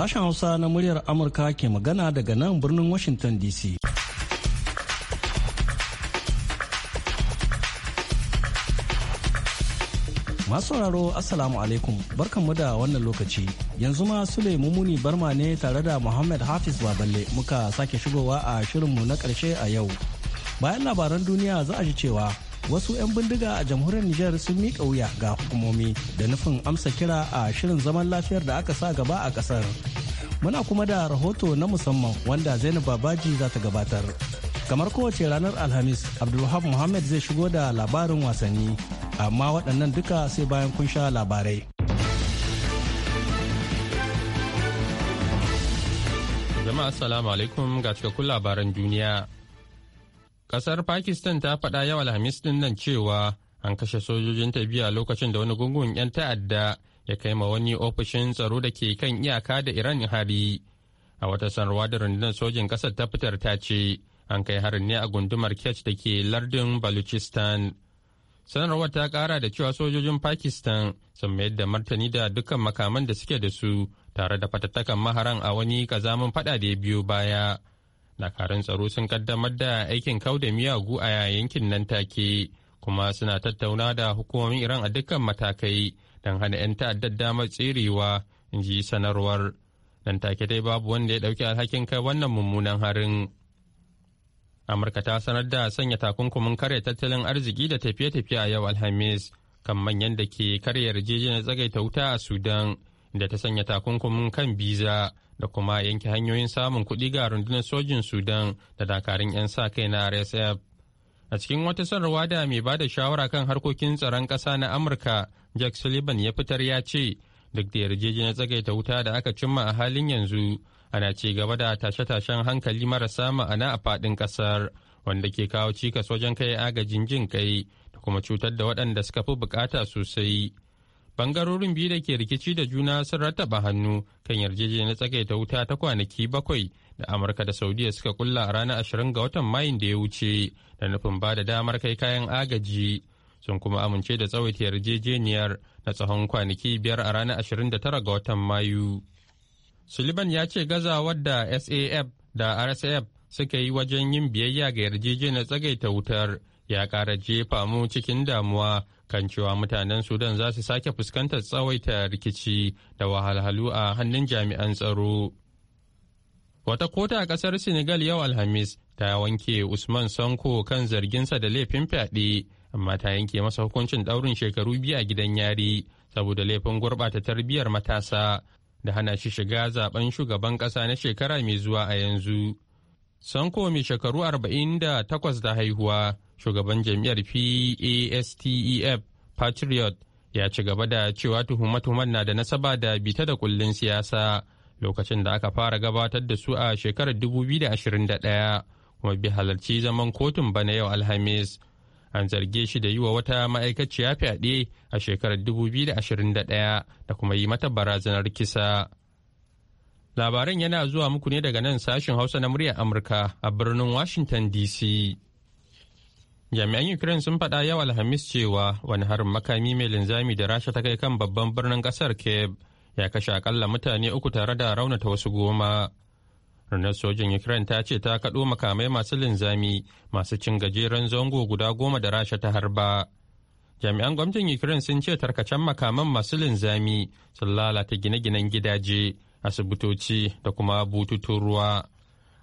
Sashen Hausa na muryar Amurka ke magana daga nan birnin Washington DC. Masu sauraro Assalamu alaikum barkanmu da wannan lokaci. Yanzu ma Sule Mumuni Barma ne tare da Muhammad Hafiz Baballe muka sake shigowa a shirinmu na karshe a yau. Bayan labaran duniya za a ji cewa wasu 'yan bindiga a jamhuriyar Nijar sun miƙa wuya ga hukumomi da nufin amsa kira a shirin zaman lafiyar da aka sa gaba a ƙasar. Muna kuma da rahoto na musamman wanda Zainab Babaji za ta gabatar. Kamar kowace ranar Alhamis, Abdulwahab Muhammad zai shigo da labarin wasanni, amma waɗannan duka sai bayan kun sha labarai. Jama'a Assalamu alaikum ga cikakkun labaran duniya. Ƙasar Pakistan ta faɗa yau Alhamis ɗin nan cewa an kashe sojojin ta biya lokacin da wani gungun 'yan ta'adda ya kai ma wani ofishin tsaro da ke kan iyaka da Iran hari. A wata sanarwa da rundunar sojin ƙasar ta fitar ta ce an kai harin ne a gundumar Kech da ke lardin Baluchistan. Sanarwar ta ƙara da cewa sojojin Pakistan sun mayar da martani da dukkan makaman da suke da su tare da fatattakan maharan a wani kazamin fada da ya biyo baya dakarun tsaro sun kaddamar da aikin kau da miyagu a yankin nan take kuma suna tattauna da hukumomin iran a dukkan matakai don hana 'yan ta'addar damar tserewa in ji sanarwar nan take dai babu wanda ya ɗauki alhakin kai wannan mummunan harin amurka ta sanar da sanya takunkumin kare tattalin arziki da tafiye-tafiye a yau alhamis kan manyan da ke karya yarjejeniyar tsagaita wuta a sudan da ta sanya takunkumin kan biza da kuma yanke hanyoyin samun kuɗi ga rundunar sojin sudan da dakarun 'yan sa kai na rsf a cikin wata sanarwa da mai ba da shawara kan harkokin tsaron ƙasa na amurka jack sullivan ya fitar ya ce duk da yarjejeniyar tsagaita wuta da aka cimma a halin yanzu ana ci gaba da tashe-tashen hankali marasa ma'ana a faɗin ƙasar wanda ke kawo cikas wajen kai agajin jin kai da kuma cutar da waɗanda suka fi bukata sosai bangarorin biyu da ke rikici da juna sun rattaba hannu kan yarjejeniyar tsagaita wuta ta kwanaki bakwai da amurka da saudiya suka kulla a ranar ashirin ga watan mayun da ya wuce da nufin ba da damar kai kayan agaji sun kuma amince da tsawaita yarjejeniyar na tsawon kwanaki biyar a ranar ashirin da tara ga watan mayu sullivan ya ce gazawar da saf da rsf suka yi wajen yin biyayya ga yarjejeniyar tsagaita wutar ya kara jefa mu cikin damuwa kan cewa mutanen Sudan za su sake fuskantar tsawaita rikici da wahalhalu a hannun jami'an tsaro. Wata kota a ƙasar Senegal yau Alhamis ta wanke Usman Sanko kan zarginsa da laifin fyaɗe, amma ta yanke masa hukuncin ɗaurin shekaru biyu a gidan yari saboda laifin gurɓata tarbiyyar matasa da hana shi shiga zaben shugaban ƙasa na shekara mai zuwa a yanzu. Sanko mai shekaru 48 da haihuwa, shugaban jam'iyyar PASTEF Patriot ya ci gaba da cewa tuhuma na da nasaba da bita da kullun siyasa lokacin da aka fara gabatar da su a shekarar 2021 kuma bi halarci zaman kotun bana yau Alhamis. An zarge shi da yi wa wata ma'aikaciya fyaɗe a shekarar 2021 da kuma yi mata barazanar kisa. Labaran yana zuwa muku ne daga nan sashen Hausa na muryar Amurka a birnin Washington DC. Jami'an Ukraine sun faɗa yau Alhamis cewa wani harin makami mai linzami da Rasha ta kai kan babban birnin ƙasar Kiev ya kashe akalla mutane uku tare da raunata wasu goma. Rundunar sojin Ukraine ta ce ta kaɗo makamai masu linzami masu cin gajeren zango guda goma da Rasha ta harba. Jami'an gwamnatin Ukraine sun ce tarkacen makaman masu linzami sun lalata gine-ginen gidaje. asibitoci da kuma bututun ruwa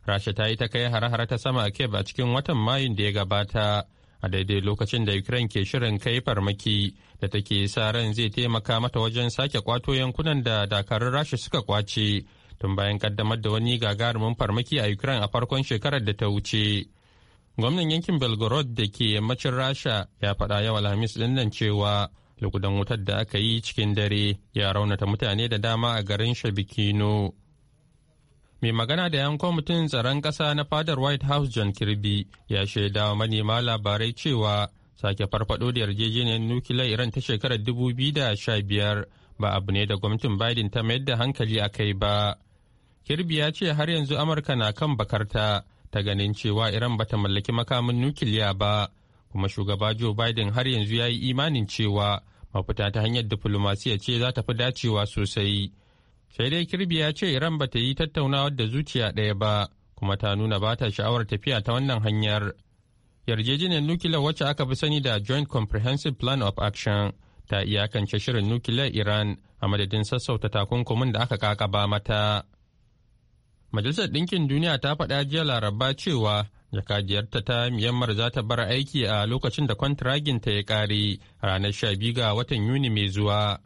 rasha ta yi ta kai hare-hare ta sama a kiev a cikin watan mayun da ya gabata a daidai lokacin da ukraine ke shirin kai farmaki da take sa ran zai taimaka mata wajen sake kwato yankunan da dakarun rasha suka kwace tun bayan kaddamar da wani gagarumin farmaki a ukraine a farkon shekarar da ta wuce gwamnan yankin belgorod da ke yammacin rasha ya faɗa yau alhamis ɗin cewa lugudan wutar da aka yi cikin dare ya raunata mutane da dama a garin shabikino mai magana da yan kwamitin tsaron ƙasa na fadar white house john kirby ya shaida manema labarai cewa sake farfado da yarjejeniyar nukiliyar iran ta shekarar 2015 ba abu ne da gwamnatin biden ta mayar da hankali a kai ba kirby ya ce har yanzu amurka na kan bakarta ta ganin cewa iran bata mallaki makamin nukiliya ba kuma shugaba joe biden har yanzu ya yi imanin cewa mafita ta hanyar diflomasiya ce za ta fi dacewa sosai sai dai kirby ya ce iran ba ta yi tattaunawar da zuciya ɗaya ba kuma ta nuna ba ta sha'awar tafiya ta wannan hanyar yarjejeniyar nukiliyar wacce aka fi sani da joint comprehensive plan of action ta iyakance shirin nukiliyar iran a madadin sassauta takunkumin da aka kakaba mata majalisar ɗinkin duniya ta faɗa jiya laraba cewa jakajiyarta ta myanmar za ta bar aiki a lokacin da kwantiraginta ya kare ranar 12 ga watan yuni mai zuwa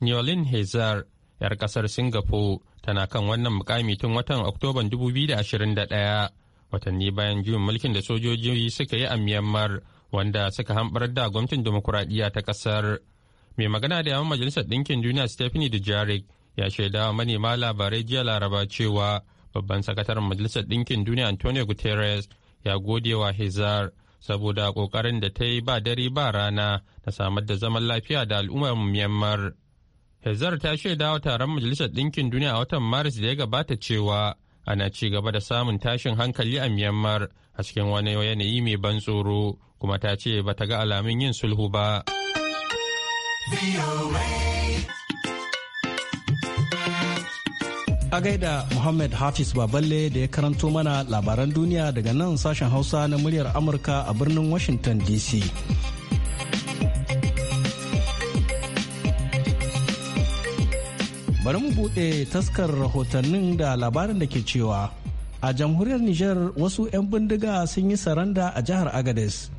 neolin hezar 'yar kasar singapore tana kan wannan mukami tun watan oktoban 2021 watanni bayan juyin mulkin da sojoji suka yi a myanmar wanda suka hambar da gwamnatin demokuraɗiyya ta ƙasar. mai magana da yawan majalisar ɗinkin duniya stephanie dujarric ya shaidawa manema labarai jiya laraba cewa babban sakataren majalisar ɗinkin duniya antonio guterres ya gode wa hezar saboda ƙoƙarin da ta yi ba dare ba rana na samar da zaman lafiya da al'ummar myanmar hezar ta shaida wa taron majalisar ɗinkin duniya a watan maris da ya gabata cewa ana ci gaba da samun tashin hankali a myanmar a cikin wani yanayi mai ban tsoro kuma ta ce ba ta ga alamun yin sulhu ba. A gaida Muhammad Hafiz Baballe da ya karanto mana labaran duniya daga nan sashen Hausa na muryar Amurka a birnin Washington DC. Bari mu buɗe taskar rahotannin da labarin da ke cewa a jamhuriyar Nijar wasu 'yan bindiga sun yi saranda a jihar Agadez.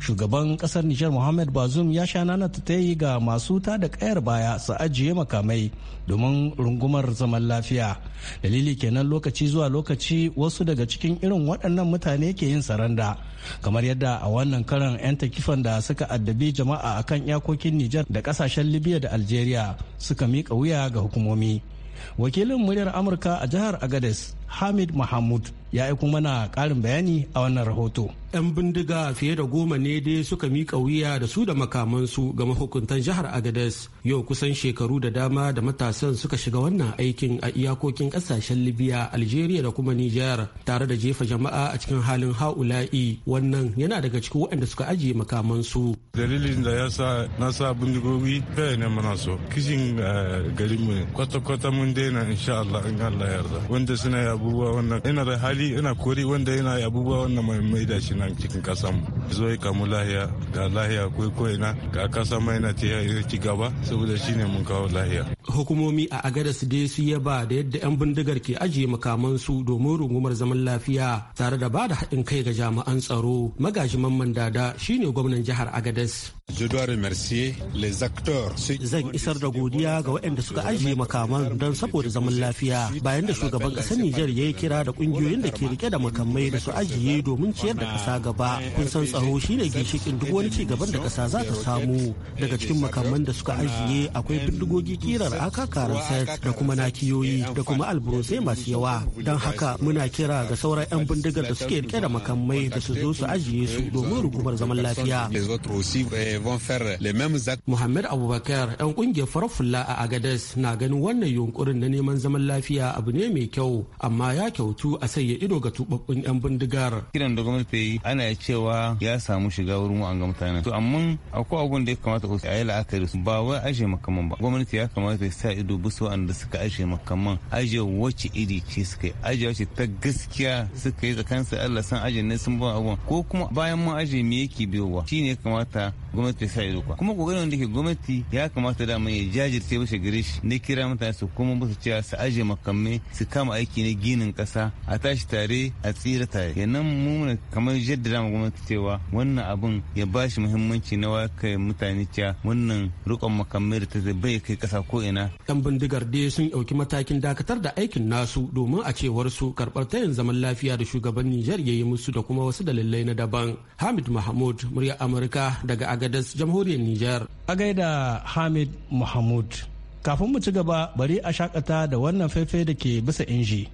shugaban kasar nijar Mohamed bazum ya sha nana ta yi ga masu ta da kayar baya su ajiye makamai domin rungumar zaman lafiya dalili kenan lokaci zuwa lokaci wasu daga cikin irin waɗannan mutane ke yin saranda kamar yadda a wannan karan 'yan takifan da suka addabi jama'a a kan iyakokin nijar da kasashen libya da algeria suka miƙa wuya ga hukumomi wakilin muryar amurka a jihar agades Hamid Mahmud ya aiko mana ƙarin bayani a wannan rahoto. 'Yan bindiga fiye da goma ne dai suka miƙa wuya da su da makamansu ga mahukuntan jihar Agadez. Yau kusan shekaru da dama da matasan suka shiga wannan aikin a iyakokin kasashen Libya, Algeria da kuma Nijar tare da jefa jama'a a cikin halin ha'ula'i. Wannan yana daga cikin waɗanda suka ajiye makamansu. Dalilin da ya sa na sa bindigogi bai ne mana so. Kishin eh, garinmu ne. Kwata-kwata mun daina insha Allah in Allah yarda. Wanda suna ya abubuwa wannan ina da hali ina kori wanda yana abubuwa wannan mai da shi nan cikin kasan mu zo ya kamu lahiya ga lahiya ko ko ga kasa mai na ta ci gaba saboda shine mun kawo lahiya hukumomi a agada su dai su yaba da yadda yan bindigar ke ajiye makaman su domin rungumar zaman lafiya tare da bada da haɗin kai ga jami'an tsaro magaji mamman dada shine gwamnan jihar agadas Zan isar da godiya ga waɗanda suka ajiye makaman don saboda zaman lafiya bayan da shugaban ƙasar Nijar ya yi kira da kungiyoyin da ke rike da makamai da su ajiye domin ciyar da kasa gaba kun san tsaro shine ginshikin duk wani ci gaban da kasa za ta samu daga cikin makaman da suka ajiye akwai bindigogi kirar akakaran set da kuma nakiyoyi da kuma alburusai masu yawa don haka muna kira ga sauran 'yan bindigar da suke rike da makamai da su zo su ajiye su domin rugumar zaman lafiya eh, muhammad abubakar 'yan ƙungiyar farfulla a agades na ganin wannan yunkurin na neman zaman lafiya abu ne mai kyau amma amma ya kyautu a sanya ido ga tubabbun 'yan bindigar. Kiran da gwamnati yi ana cewa ya samu shiga wurin ga mutanen. To amma akwai abun da ya kamata a yi la'akari su ba wai aje makaman ba. Gwamnati ya kamata ya sa ido bisa wanda suka aje makaman aje wace iri ce suka yi aje wace ta gaskiya suka yi tsakansu Allah san aje ne sun ba abun ko kuma bayan mun aje me yake biyowa shine kamata gwamnati sa ido kwa. Kuma kokarin da ke gwamnati ya kamata da mai ya jajirce bisa gare shi ne kira mutane su kuma bisa cewa su aje makamai su kama aiki ne ginin kasa a tashi tare a tsira tare kenan mu kamar jaddada mu gwamnati cewa wannan abun ya bashi shi muhimmanci na waka mutane cewa wannan rikon makamai da ta bai kai kasa ko ina yan bindigar dai sun ɗauki matakin dakatar da aikin nasu domin a cewar su karbar tayin zaman lafiya da shugaban Nijar ya yi musu da kuma wasu dalilai na daban Hamid Mahmud murya Amurka daga Agadez jamhuriyar Nijar a gaida Hamid Mahmud kafin mu ci gaba bari a shakata da wannan faifai da ke bisa inji.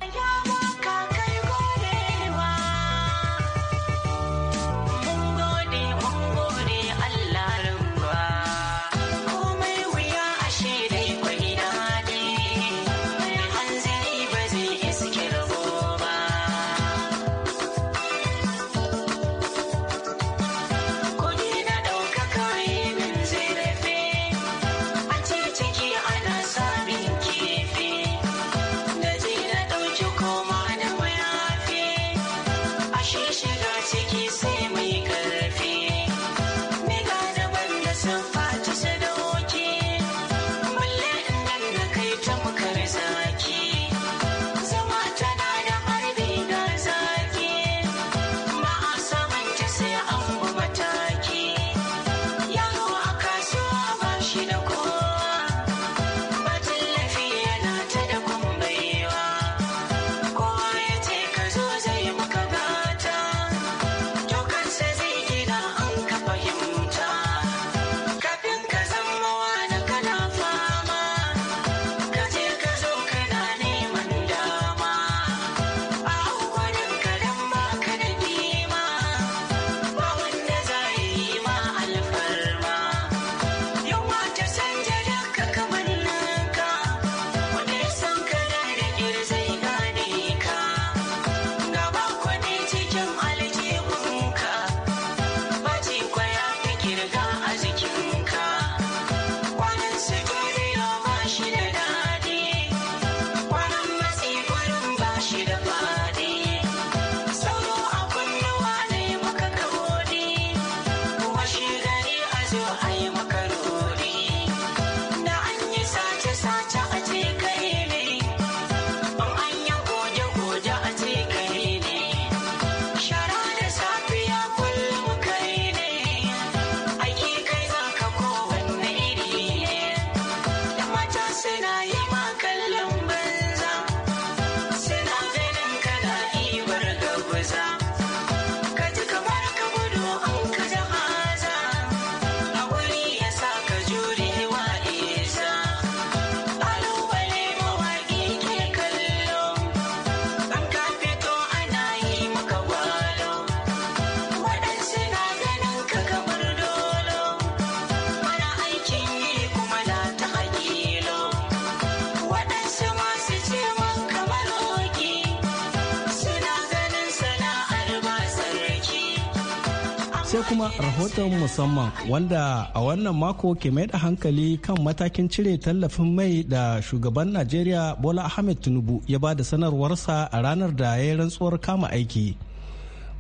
sai kuma rahoton musamman wanda a wannan mako ke mai da hankali kan matakin cire tallafin mai da shugaban najeriya bola ahmed tinubu ya ba da sanarwarsa a ranar da ya yi rantsuwar kama aiki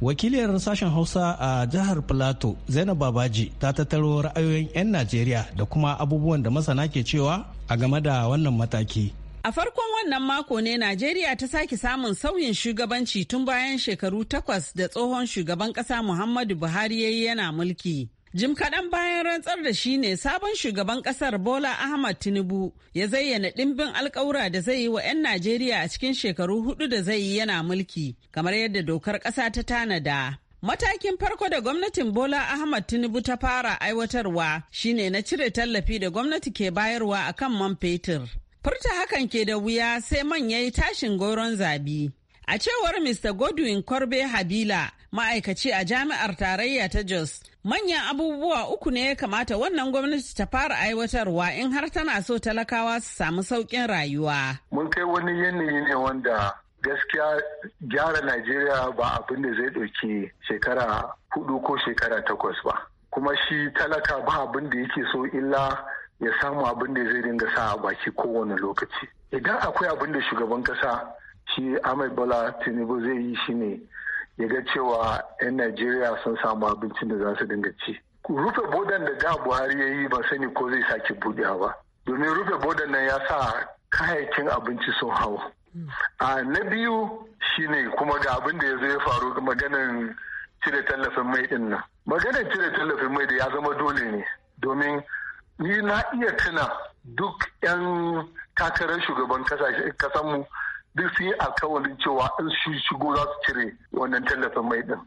wakiliyar sashen hausa a jihar plateau zainab babaji ta tattaro ra'ayoyin 'yan najeriya da kuma abubuwan da masana ke cewa a game da wannan mataki A farkon wannan mako ne Najeriya ta sake samun sauyin shugabanci tun bayan shekaru takwas da tsohon shugaban ƙasa Muhammadu Buhari ya yi yana mulki. Jim kaɗan bayan rantsar da shi ne sabon shugaban ƙasar Bola Ahmad Tinubu ya zayyana ɗimbin alƙawura da zai yi wa 'yan Najeriya a cikin shekaru hudu da zai yi yana mulki, kamar yadda dokar ƙasa ta tanada. Matakin farko da gwamnatin Bola Ahmad Tinubu ta fara aiwatarwa shine na cire tallafi da gwamnati ke bayarwa a kan man fetur. Furta hakan ke da wuya sai man ya yi tashin goron zabi. A cewar Mr. Godwin Korbe Habila, ma'aikaci a jami'ar tarayya ta Jos, manyan abubuwa uku ne ya kamata wannan gwamnati ta fara aiwatarwa in har tana so talakawa su samu sauƙin rayuwa. Mun kai wani yanayi ne wanda gaskiya gyara Najeriya ba abin da zai ɗauki shekara hudu ko shekara takwas ba. Kuma shi talaka ba abin da yake so illa ya samu abin da zai dinga sa a baki kowane lokaci idan akwai abin da shugaban kasa shi ahmed bola tinubu zai yi shi ne. ya ga cewa 'yan najeriya sun samu abincin da za su dinga ci rufe bodan da da buhari ya yi ba sani ko zai sake budewa ba domin rufe bodan nan ya sa kayayyakin abinci sun hau a na biyu shine kuma ga abin da ya zo ya faru maganin cire tallafin mai din nan maganin cire tallafin mai da ya zama dole ne domin ni na iya tuna duk 'yan takarar shugaban kasanmu duk sun yi alkawalin cewa in su shigo za su cire wannan tallafin mai din.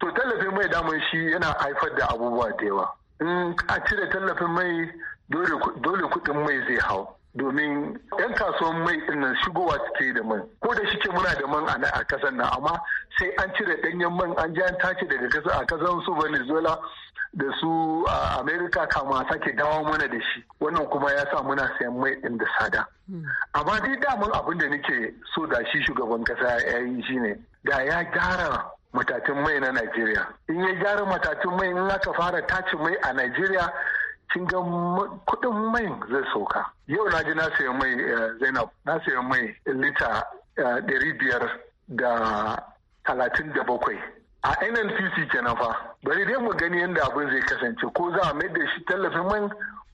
To tallafin mai daman shi yana haifar da abubuwa da yawa. In a cire tallafin mai dole kuɗin mai zai hau. Domin 'yan kasuwan mai din nan shigowa suke da man. Ko da shi ke muna da man a kasan nan amma sai an cire ɗanyen man an ja tace daga kasa a kasan su Venezuela da su a Amerika kama sake dawo mana da shi wannan kuma ya sa muna sayan mai ɗin da sada amma dai daman abin da nake so da shi shugaban kasa ya yi shine da ya gyara matatun mai na Najeriya. In ya gyara matatun mai in aka fara tace mai a Najeriya kin ga kudin mai zai sauka. Yau na ji na sayi mai eh, Zainab na sayi mai lita eh, ɗari biyar da talatin da bakwai. a nnpc kenan fa bari dai mu gani yadda abin zai kasance ko za a mai da shi tallafin man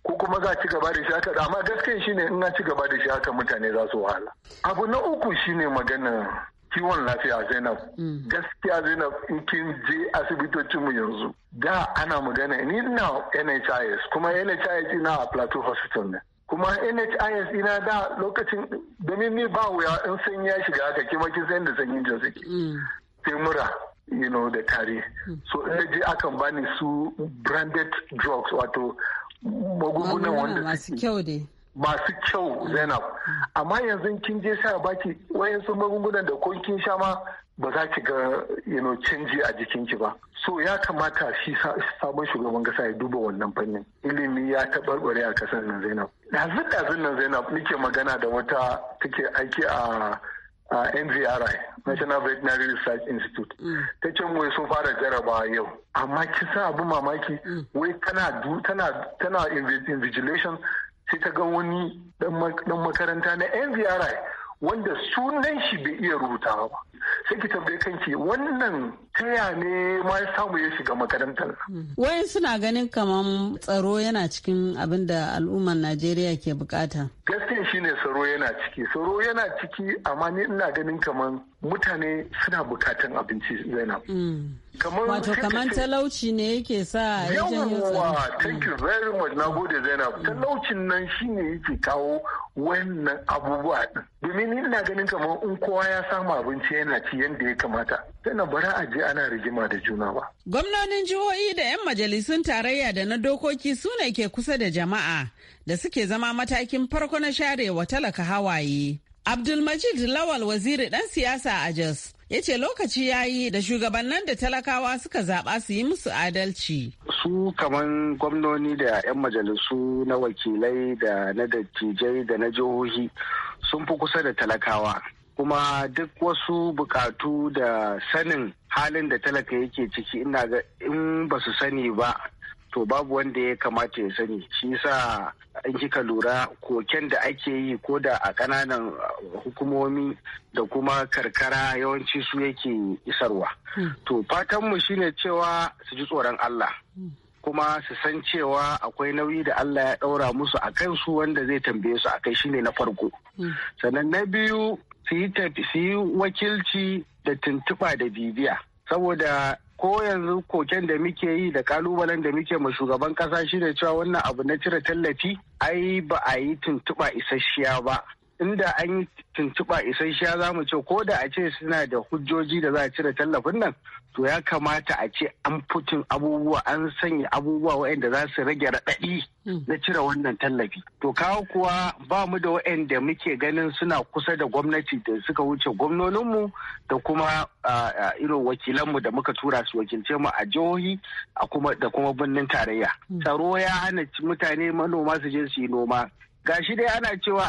ko kuma za a ci gaba da shi haka amma gaskiya shine in an ci gaba da shi haka mutane za su wahala abu na uku shine maganar kiwon lafiya zainab mm. gaskiya zainab in kin je asibitocin asibitocinmu yanzu da ana magana ni na nhis kuma nhis ina a plateau hospital ne kuma nhis ina da lokacin domin ni ba wuya in sanyi ya shiga haka kima kin san da sanyin jin ke mm. sai mura you know da tare hmm. so in je akan bani su branded drugs wato magungunan wanda masu kyau dai masu kyau hmm. zainab hmm. amma yanzu kin je sha baki wayansu magungunan da ko kin sha ma ba za ki ga you know, canji a jikinki ba so ya kamata shi sabon shugaban kasa ya duba wannan fannin ilimi ya taɓarɓare a kasar nan zainab dazun ɗazun nan zainab nike magana da wata take aiki a a ah, NVRI National Veterinary Research Institute mm. ta ce mu sun fara jaraba yau amma san abin mamaki mm. wai tana tana invigilation sai ta ga wani dan makaranta na NVRI wanda sunan shi bai iya rubuta ba sai ki tambaye kanki wannan taya ne ma ya samu ya shiga makarantar wai suna ganin kaman tsaro yana cikin abin da al'ummar najeriya ke bukata gaskiya shine tsaro yana ciki tsaro yana ciki amma ni ina ganin kaman mutane suna bukatan abinci zainab mm. wato kamar talauci ne yake sa yawwa thank you very much na gode zainab mm. talaucin nan shine yake kawo wannan abubuwa din domin ina ganin kamar in kowa ya samu abinci yana ci yadda ya kamata tana bara a je ana rigima da juna ba gwamnonin jihohi da 'yan majalisun tarayya da na dokoki su ne ke kusa da jama'a da suke zama matakin farko na sharewa talaka hawaye Abdulmajid Lawal waziri ɗan siyasa a Jos ya ce lokaci ya yi da shugabannin da talakawa suka zaɓa su yi musu adalci. Su kaman gwamnoni da 'yan majalisu na wakilai da na dattijai da na jihohi sun fi kusa da talakawa. kuma duk wasu bukatu da sanin halin da talaka yake ciki ina ga in ba su sani ba to babu wanda ya kamata ya sani shi yasa in kika lura koken da ake yi ko da a ƙananan uh, hukumomi da kuma karkara yawanci su yake isarwa hmm. to fatanmu shine cewa su ji tsoron Allah hmm. kuma su san cewa akwai nauyi da Allah ya ɗaura musu a kansu wanda zai tambaye su a akai shine na farko hmm. sannan na biyu su yi wakilci da tuntuɓa da bibiya saboda ko yanzu koken da muke yi da kalubalen da muke ma shugaban kasa da cewa wannan abu na cire tallafi ai ba a yi tuntuɓa isasshiya ba inda an yi tuntuɓa isasshiya za mu ce ko da a ce suna da hujjoji da za a cire tallafin nan to ya kamata a ce an fitin abubuwa an sanya abubuwa waɗanda za su rage raɗaɗi hmm. na cire wannan tallafi to kawo kuwa ba mu da waɗanda muke ganin suna kusa da gwamnati da suka wuce gwamnoninmu da kuma irin wakilanmu da muka tura su wakilce mu a jihohi da kuma birnin tarayya hmm. tsaro ya hana mutane manoma su je su yi noma gashi dai ana cewa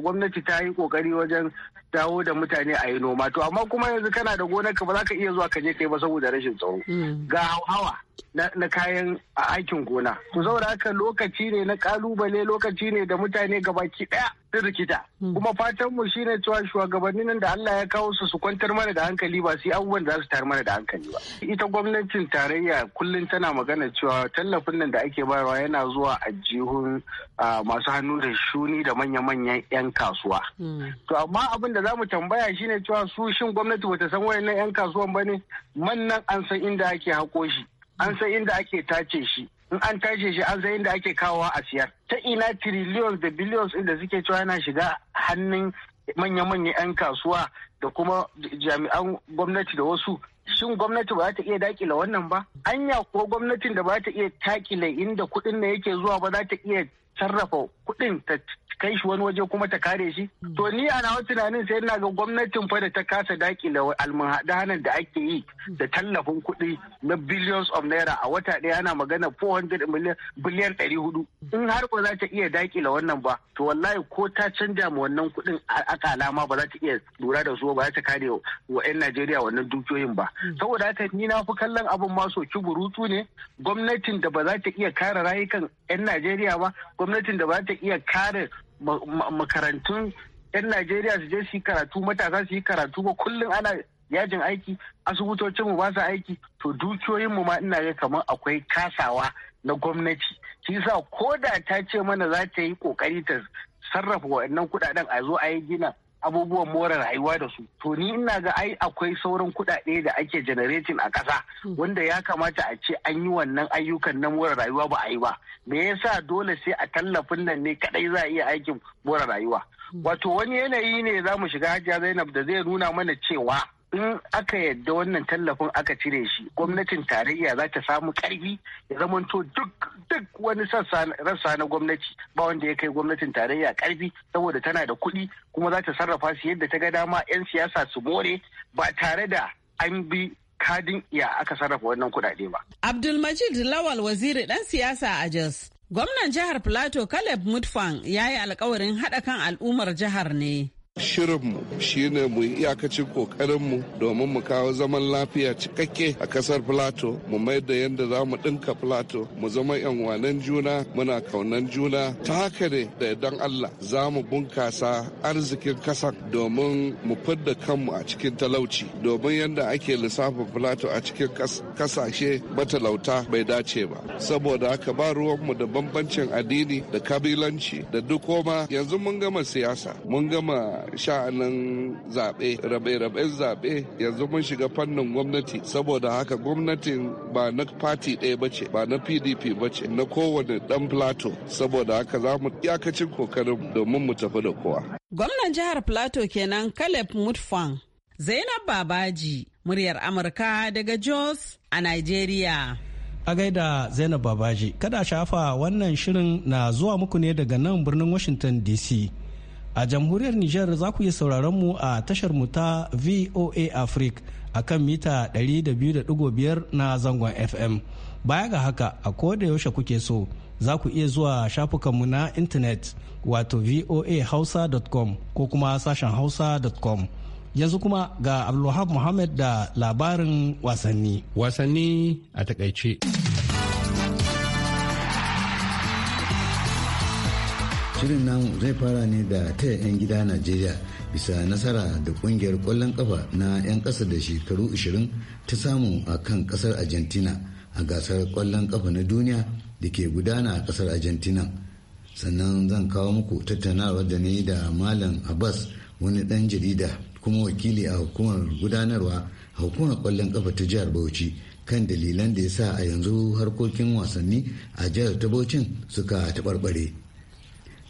gwamnati ta yi kokari wajen dawo da mutane a yi noma to amma kuma yanzu kana da gonar ka ba za ka iya zuwa ka je kai ba saboda rashin tsaro mm. ga hawa na kayan aikin gona. Ku saboda haka lokaci ne na kalubale lokaci ne da mutane gabaki daya sun rikita. Hmm. Kuma fatanmu shi ne cewa shugabannin da Allah ya kawo su su kwantar mana da hankali ba sai abubuwan da za su tayar mana da hankali ba. Ita gwamnatin tarayya kullum tana magana cewa tallafin nan da ake bayarwa yana zuwa a jihun masu hannu da shuni da manya-manyan 'yan kasuwa. Hmm. To amma abin da za mu tambaya shine cewa su shin gwamnati bata san wayannan 'yan kasuwan ba ne? Mannan an san inda ake haƙo shi. an san inda ake tace shi in an tace shi an san inda ake kawowa a siyar ta ina trillions da billions inda suke cewa yana shiga hannun manya-manya 'yan kasuwa da kuma jami'an gwamnati da wasu shin gwamnati ba za ta iya dakila wannan ba anya ko gwamnatin da ba ta iya takile inda kuɗin da yake zuwa ba za ta iya sarrafa kuɗin ta kai shi wani waje kuma ta kare shi hmm. to ni ana tunanin sai ina ga gwamnatin fa da ta kasa daki da almuhadanan da ake yi hmm. da tallafin kuɗi na billions of naira a wata ɗaya ana magana 400 million biliyan 400 hmm. in har ba za ta iya daki da wannan ba to wallahi ko ta canja ma wannan kuɗin aka alama ba za ta iya lura da su ba za ta kare wa 'yan Najeriya wannan dukiyoyin ba saboda haka ni na fi kallon abin ma ki burutu ne gwamnatin da ba za ta iya kare rayukan 'yan Najeriya ba gwamnatin da ba za ta iya kare makarantun 'yan Najeriya su je su yi karatu matasa su yi karatu ba kullum ana yajin aiki asibitocin mu ba su aiki to dukiyoyin mu ma ina ga kamar akwai kasawa na gwamnati shi yasa ko da ta ce mana za ta yi kokari ta sarrafa waɗannan kuɗaɗen a zo a yi gina abubuwan more rayuwa da su to ni ina ga ai akwai sauran kuɗaɗe da ake generating a ƙasa hmm. wanda ya kamata a ce an yi wannan ayyukan na more rayuwa ba a yi ba me yasa dole sai a tallafin nan ne kadai za a iya aikin more rayuwa hmm. wato wani yanayi ne za mu shiga hajiya zainab da zai nuna mana cewa in aka yadda wannan tallafin aka cire shi gwamnatin tarayya za ta samu karfi ya zamanto duk duk wani rassa na gwamnati ba wanda ya kai gwamnatin tarayya karfi saboda tana da kuɗi kuma za ta sarrafa su yadda ta ga dama 'yan siyasa su more ba tare da an bi kadin ya aka sarrafa wannan kuɗaɗe ba. Abdulmajid Lawal waziri ɗan siyasa a Jos. Gwamnan jihar Plateau Caleb Mutfang ya yi alkawarin haɗa kan al'ummar jihar ne. Shirinmu shi ne mu yi iyakacin mu domin mu kawo zaman lafiya cikakke a kasar Filato, mu mai da yadda za mu ɗinka Filato, mu zama yanwanan juna, muna kaunan juna. Ta haka ne da idan Allah za mu bunkasa arzikin kasar domin mu fidda kanmu a cikin talauci, domin yadda ake lissafin Filato a cikin kasashe matalauta bai dace ba. Saboda haka ba ruwanmu da bambancin addini da kabilanci da duk koma yanzu mun gama siyasa, mun gama sha'anin zaɓe rabe-raben zaɓe yanzu mun shiga fannin gwamnati saboda haka gwamnatin ba na fati ɗaya ba ce ba na pdp ba ce na kowane ɗan plato saboda haka za mu iyakacin kokarin domin mu tafi da kowa gwamnan jihar plato kenan caleb mutfan zainab babaji muryar amurka daga jos a nigeria a gaida zainab babaji kada shafa wannan shirin na zuwa muku ne daga nan birnin washington dc a jamhuriyar Nijar za ku iya sauraron mu a tashar mu ta VOA Africa a kan mita 200.5 na zangon FM. Baya ga haka a koda yaushe kuke so za ku iya zuwa shafukanmu na intanet wato voahausa.com ko kuma sashen hausa.com. Yanzu kuma ga Abdulwahab Muhammad da labarin wasanni. Wasanni a takaice. shirin namu zai fara ne da taya 'yan gida najeriya bisa nasara da kungiyar kwallon kafa na 'yan ƙasa da shekaru 20 ta samu a kan ƙasar argentina a gasar kwallon kafa na duniya da ke gudana a kasar argentina sannan zan kawo muku tattaunawar da ne da malam abbas wani ɗan jarida kuma wakili a hukumar gudanarwa a hukumar kwallon kafa ta jihar bauchi kan dalilan da ya sa a yanzu harkokin wasanni a jihar ta bauchin suka taɓarɓare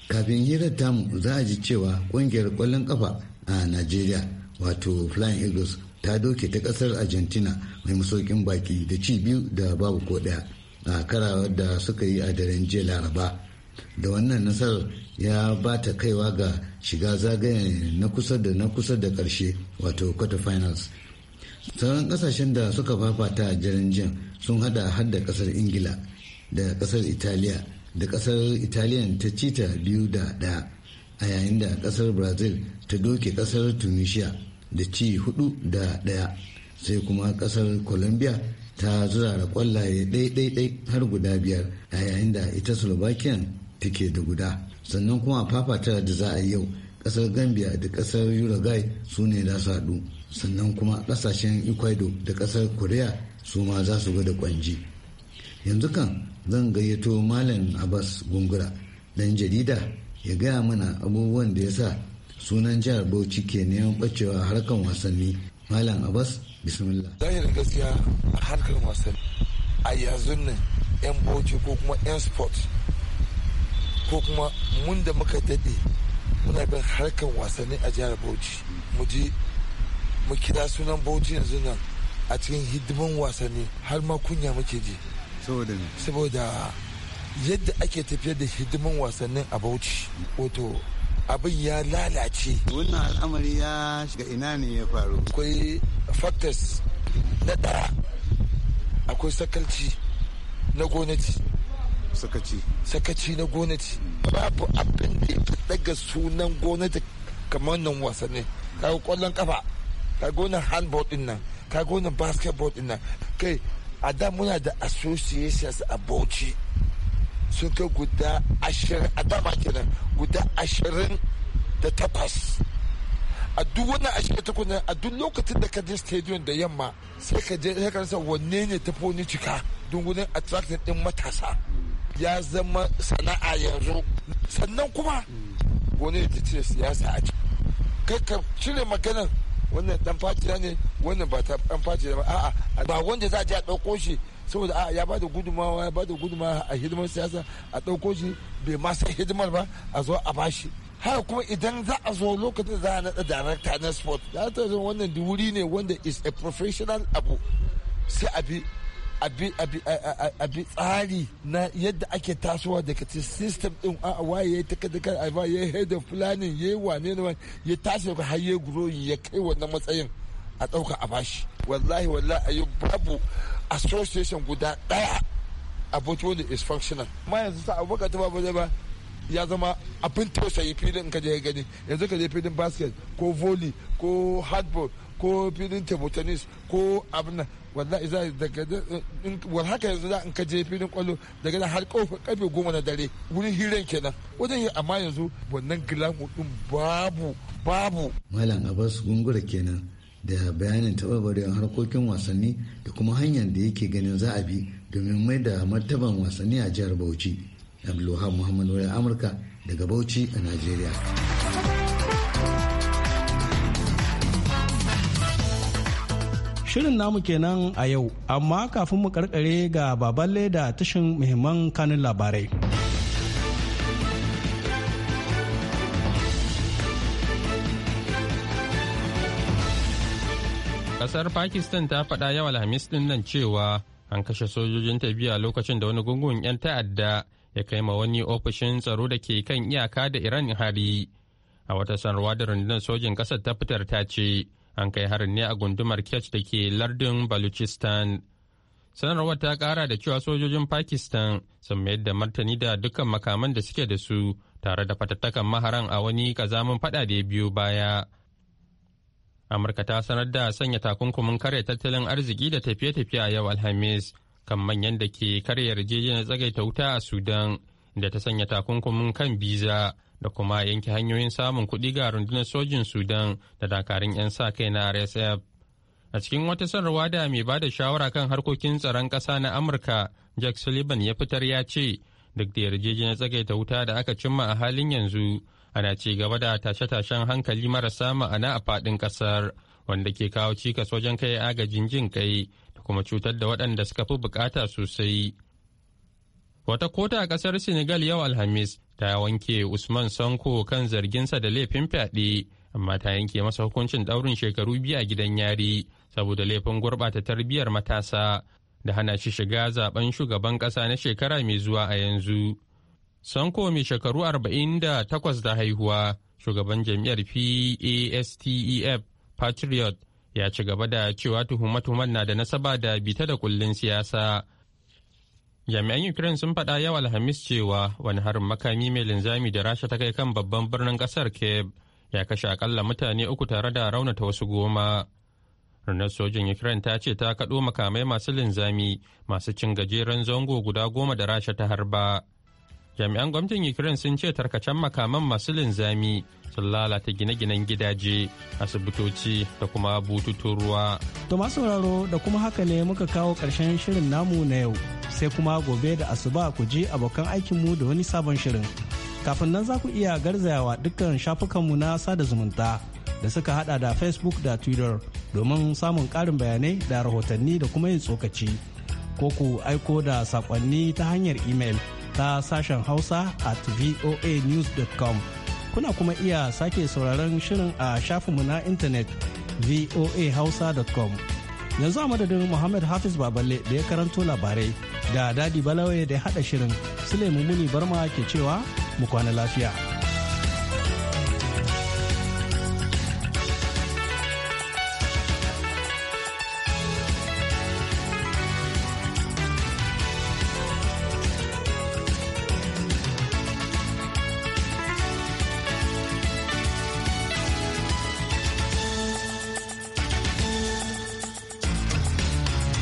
kafin hirar tamu za a ji cewa kungiyar kwallon kafa a najeriya wato flying eagles ta doke ta kasar argentina mai masaukin baki da ci biyu da babu ko daya a karawar da suka yi a daren jiya laraba da wannan nasarar ya ba ta kaiwa ga shiga zagaye na kusa da na kusa da karshe wato quarter finals sauran kasashen da suka fafata a jiran jiya sun hada har da kasar ingila da kasar italiya da kasar italian ta ci ta biyu da daya a yayin da kasar brazil ta doke kasar tunisia da ci hudu da daya sai kuma kasar colombia ta zurara kwallaye ɗai-ɗai har guda biyar a yayin da ita slovakia take da guda sannan kuma a fafata da za a yi yau kasar gambia da kasar uruguay su ne za su haɗu sannan kuma kasashen ecuador da kasar korea su ma za su gwada kwanji yanzu kan zan gayyato malam abbas gungura dan jarida ya gaya mana abubuwan da ya sa sunan jihar bauchi ke neman bacewa harkan wasanni malam abbas bismillah zahirin gaskiya a harkar wasanni a yanzu nan yan bauchi ko kuma yan sport ko kuma mun da muka daɗe muna bin harkar wasanni a jihar bauchi mu je mu kira sunan bauchi yanzu nan a cikin hidiman wasanni har ma kunya muke ji saboda saboda yadda ake tafiyar da hidiman wasannin a bauchi wato abin ya lalace wannan al'amari ya shiga ina ne ya faru akwai factors na ɗaya akwai sakalci na gwamnati sakaci sakaci na gwamnati babu abin da ya daga sunan gwamnati kamar nan wasanni kaga kwallon kafa kaga wannan handball din nan kaga wannan basketball din nan kai a da muna da associations a bauchi sun kai guda ashirin a dama kenan guda ashirin da takwas a duk wannan ashirin takwas a duk lokacin da ka je stadium da yamma sai ka je sai ka rasa wanne ne ta ni cika don gudun attracting din matasa ya zama sana'a yanzu sannan kuma wani ta ce siyasa a ciki kai ka cire maganar wannan dan faci ne wannan ba ta dan faci ba a'a ba wanda za a je a dauko shi saboda a'a ya ba da gudumawa ya ba da gudumawa a hidimar siyasa a dauko shi bai ma san hidimar ba a zo a bashi haka kuma idan za a zo lokacin za a nada darakta na sport za ta zo wannan wuri ne wanda is a professional abu sai a bi a bi tsari na yadda ake tasowa daga cikin system din a waye ya yi kada a waye ya head of planning ya yi wane ne ya tashi har ya guro ya kai wannan matsayin a ɗauka a bashi wallahi wallahi a yi babu association guda ɗaya a wanda is functional ma yanzu sa abubakar ta babu ba ya zama abin tausayi filin ka je gani yanzu ka je filin basket ko volley ko hardball ko filin table tennis ko abin wallahi za daga haka yanzu za in ka je filin kwallo daga da har karfe goma na dare wurin hira kenan wajen yi amma yanzu wannan gilamu din babu babu malam abbas gungura kenan da bayanin taɓarɓarewar harkokin wasanni da kuma hanyar da yake ganin za a bi domin mai da martaban wasanni a jihar bauchi abdulwahab muhammadu wani amurka daga bauchi a nigeria. Shirin namu kenan a yau, amma kafin mu karkare ga baballe leda tashin muhimman kanin labarai. Kasar Pakistan ta faɗa yawa Alhamis ɗin nan cewa an kashe sojojin ta biya lokacin da wani gungun 'yan ta'adda ya kai ma wani ofishin tsaro da ke kan iyaka da Iran hari. A wata sanarwa da rundunar sojin ƙasar ta fitar ta ce, an kai harin ne a gundumar kech da ke lardin baluchistan sanarwar ta kara da cewa sojojin pakistan sun mayar da martani da dukkan makaman da suke da su tare da fatattakan maharan a wani kazamin fada da ya biyu baya amurka ta sanar da sanya takunkumin kare tattalin arziki da tafiye-tafiye a yau alhamis kan manyan da ke karya yarjejeniyar tsagaita wuta a sudan da ta sanya takunkumin kan biza da kuma yanke hanyoyin samun kuɗi ga rundunar sojin sudan da dakarun 'yan sa kai na rsf a cikin wata sanarwa da mai ba da shawara kan harkokin tsaron ƙasa na amurka jack sullivan ya fitar ya ce duk da yarjejeniyar tsagaita wuta da aka cimma a halin yanzu ana ci gaba da tashe-tashen hankali marasa ma'ana a faɗin ƙasar wanda ke kawo cikas wajen kai agajin jin kai da kuma cutar da waɗanda suka fi bukata sosai Wata kota a ƙasar Senegal yau Alhamis ta wanke Usman Sanko kan zarginsa da laifin fyaɗe, amma ta yanke masa hukuncin ɗaurin shekaru biyu a gidan yari saboda laifin gurɓata tarbiyyar matasa da hana shi shiga zaben shugaban ƙasa na shekara mai zuwa a yanzu. Sanko mai shekaru arba'in da takwas da haihuwa, shugaban jam'iyyar PASTEF Patriot ya ci gaba da cewa tuhume-tuhumen na da nasaba da bita da kullin siyasa Jami'an Ukraine sun faɗa yau Alhamis cewa wani harin makami mai linzami da Rasha ta kai kan babban birnin ƙasar Kiev ya kashe akalla mutane uku tare da raunata wasu goma. Rundunar sojin Ukraine ta ce ta kaɗo makamai masu linzami masu cin gajeren zango guda goma da Rasha ta harba. jami'an gwamnatin ukraine sun ce tarkacen makaman masu linzami sun lalata gine-ginen gidaje asibitoci da kuma bututun ruwa to masu sauraro da kuma haka ne muka kawo karshen shirin namu na yau sai kuma gobe da asuba ku je abokan aikinmu da wani sabon shirin kafin nan za ku iya garzayawa dukkan shafukanmu na sada zumunta da suka hada da facebook da twitter domin samun karin bayanai da rahotanni da kuma yin tsokaci ko ku aiko da saƙonni ta hanyar imel. ta sashen hausa at voanews.com kuna kuma iya sake sauraron shirin a shafinmu na intanet voahausa.com yanzu a madadin muhammad hafiz baballe da ya karanto labarai da dadi balawai da ya haɗa shirin sulaimu muni barma ke cewa mu kwana lafiya.